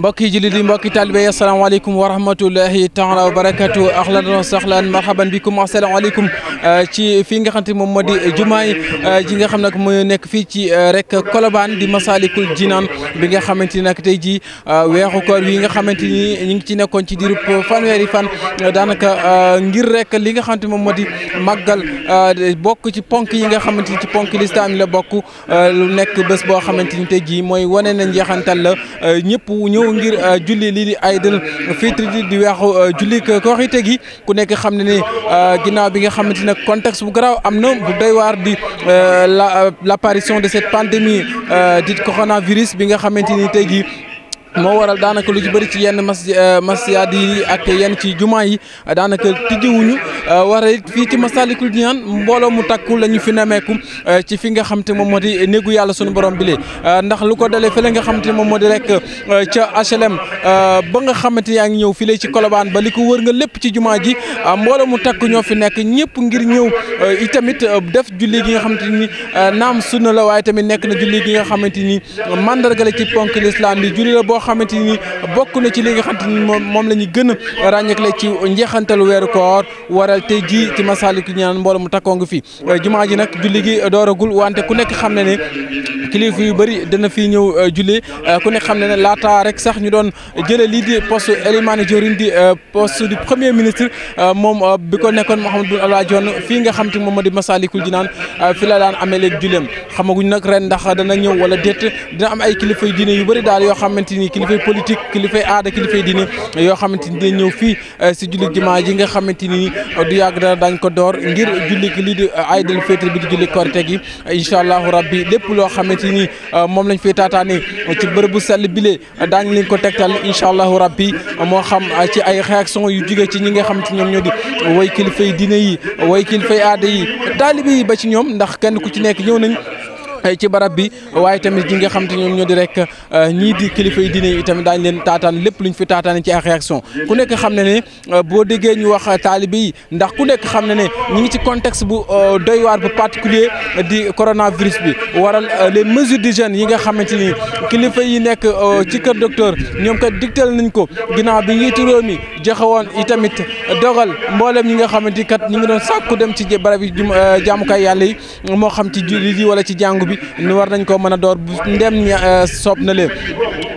mbokki jullit yi mbokki talibe yi asalaamaaleykum wa rahmatullahi taala wa barakatu ahlan wa sahlan marhaban bikum asalaamaaleykum euh, ci fii nga xam te moom moo di jumaay euh, ji nga xam nag mu nekk fii ci euh, rek Colobane di Masalikul Jinaan bi nga xamante ni nag tey jii weexu koor wi nga xamante ni ñu ngi ci nekkoon ci diirub fanweeri fan daanaka ngir rek li nga xam moom moo di màggal bokk ci ponk yi nga xamante ni ci ponk lislaam la bokk lu nekk bés boo xamante ni tey jii mooy wane na njeexantal la ñëpp ñëw ñëw ngir euh, julli lii di Aïdul Fitr di weexu euh, julli Korité gi ku nekk xam ne ni euh, ginaaw bi nga xamante ne contexte bu garaw am na bu doy waar di la l'apparition de cette pandémie di coronavirus bi nga xamante ni tey jii moo waral daanaka lu ci bëri ci yenn mas masjiyaat yi ak yenn ci jumaa yi daanaka tijjiwuñu Euh, wara it fii ci Massalikul Jinaan mbooloo mu takku la ñu fi nemeeku euh, ci fi nga xam te moom moo di néegu yàlla sunu borom bi lee euh, ndax lu ko dalee fële nga xam te moom moo di rek ca HLM ba nga xamante yaa ngi ñëw fii lay ci Colobane ba li ko wër nga lépp ci jumaa ji mbooloo mu takku ñoo fi nekk ñëpp ngir ñëw itamit def julli gi nga xamante ni naam sunna la waaye tamit nekk na julli gi nga xamante ni mandarga la ci ponk l'islam bi julli la boo xamante ni bokk na ci li nga xamante ni moom la ñu gën a ràññeekle ci njeexantalu weeru waral tey jii ci Masaalikul Jinaan mbooloo mu takkoo ngi fi jumaa ji nag julli gi dooragul wante ku nekk xam ne ne kilifa yu bari dana fi ñëw euh, julli euh, ku xam ne ne laata rek sax ñu doon jëlee lii di poste Elimane Diourine di euh, poste du premier ministre moom bi ko nekkoon Mahammed Boun Abdallah Dionne fii nga xam te moom moo di Masaalikul naan fi la daan amee léegi julleem xamaguñ nag ren ndax dana ñëw wala déet dina am ay kilifa yu diine yu bëri daal yoo xamante ni kilifay kilifa kilifay aada kilifay diine yoo xamante ni dina ñëw fii si julli jumaa ji nga xamante ni du yàgg dara daañ ko door ngir julli lii di euh, aydul fitri bi di julli korite gi incha allahu rabbi lépp loo xamante ni euh, moom lañ fiy taataane ci bërëb bu sell bile euh, daañ leen ko tegtal incha allahu rabbi moo xam ci ay réaction yu jóge ci ñi nga xam ci ñoom ñoo di way kilifay diine yi way kilifay aada yi taalibe yi ba ci ñoom ndax kenn ku ci nekk ñëw nañ Eh, ci barab bi waaye tamit ñi nga xam te ñoom ñoo di rek eh, ñii di kilifa yi diine yi tamit daañ leen taataan lépp lu luñ fi taataan ci ay réaction ku nekk xam ne ne eh, boo déggee ñu wax taalibe yi ndax ku nekk xam ne ne ñi ngi ci contexte bu doy waar bu di coronavirus bi waral les mesures d'hygiène yi nga xamante ni kilifa yi nekk ci kër docteur ñoom ka digtal nañ ko ginaaw bi njiitu réew mi joxe woon itamit dogal mbooleem ñi nga xamante kat ñu ngi doon sàkku dem ci barab yi jaamukaay yàlla yi moo xam ci julli yi wala ci jàngu bi ni war nañ koo mën a door ndem euh, soob na leen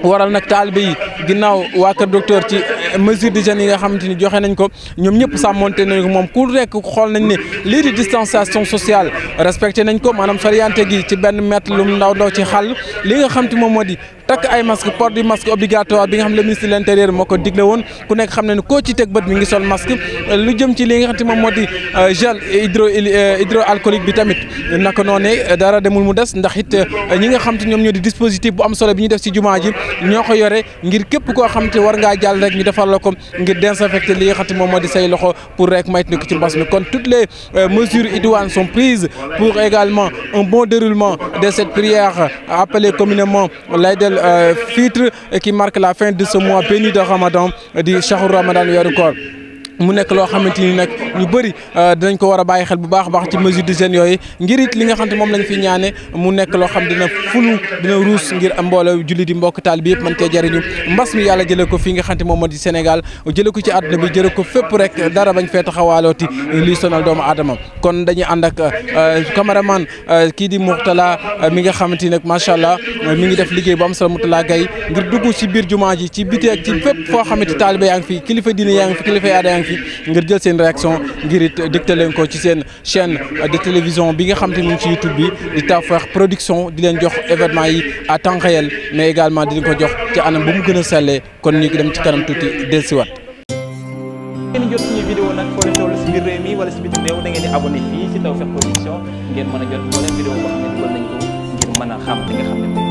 waral nag taalibe yi ginnaaw waa kër docteur ci mesure de jeunes yi nga xamante ni joxe nañ ko ñoom ñëpp sàmmonte nañ ko moom ku rekk xool nañ ne lii di distanciation sociale respecté nañ ko maanaam soriante gi ci benn mètre lu ndaw ndaw ci xàll li nga xam te moom moo di takk ay masque port du masque obligatoire bi nga xam ne ministre de moo ko digle woon ku nekk xam ne ne koo ci teg bët mi ngi sol masque lu jëm ci li nga moom moo di euh, gel hydro euh, hydroalcoolique bi tamit naka noonee dara demul mu des ndax it euh, ñi nga xam te ñoom ñoo di dispositif bu am solo bi ñu def ci jumaa ji ñoo ko yore ngir képp koo xam te war ngaa jàll rek ñu defal la ko ngir désinfecter li nga xam moom moo di say loxo pour rek mayt ni ko ci mbas mi kon toutes les euh, mesures idoines sont prises pour également un bon déroulement de cette prière appelée communément l'Aïd el-Fitr euh, qui marque la fin de ce mois béni de Ramadan euh, du Shahur Ramadan weeru koor mu nekk loo xamante ni nag ñu bëri euh, dinañ ko war a bàyyi xel bu baax a baax ci mesure d'hygiène yooyu ngir it li nga xam te moom lañ fi ñaane mu nekk loo xam dina fulu dina ruus ngir mbooloo julli di mbokk taal bi yëpp mën cee jëriñu mbas mi yàlla jëlee ko fii nga xam te moom moo di Sénégal jële ko ci àdduna bi jëlee ko fépp rek dara bañ fee taxawaalooti lii sonal doomu aadama kon dañuy ànd ak euh, cameraman euh, kii di Mourtala mi nga xamante ni nag macha allah mi ngi def liggéey bu am solo Mourtala Gaye ngir dugg ji ci biti ak ci fépp foo xamante kilifa diine yaa ngi fi ngir jël seen réaction ngir it dégtal leen ko ci seen chaîne de télévision bi nga xam te ni ngi ci YouTube bi di Tawfekh Production di leen jox événement yi à temps réel mais également dina ko jox ci anam bu mu gën a sellee kon ñu dem ci kanam tuuti dellusiwaat. ngeen jot ngeen mën a jot moo leen a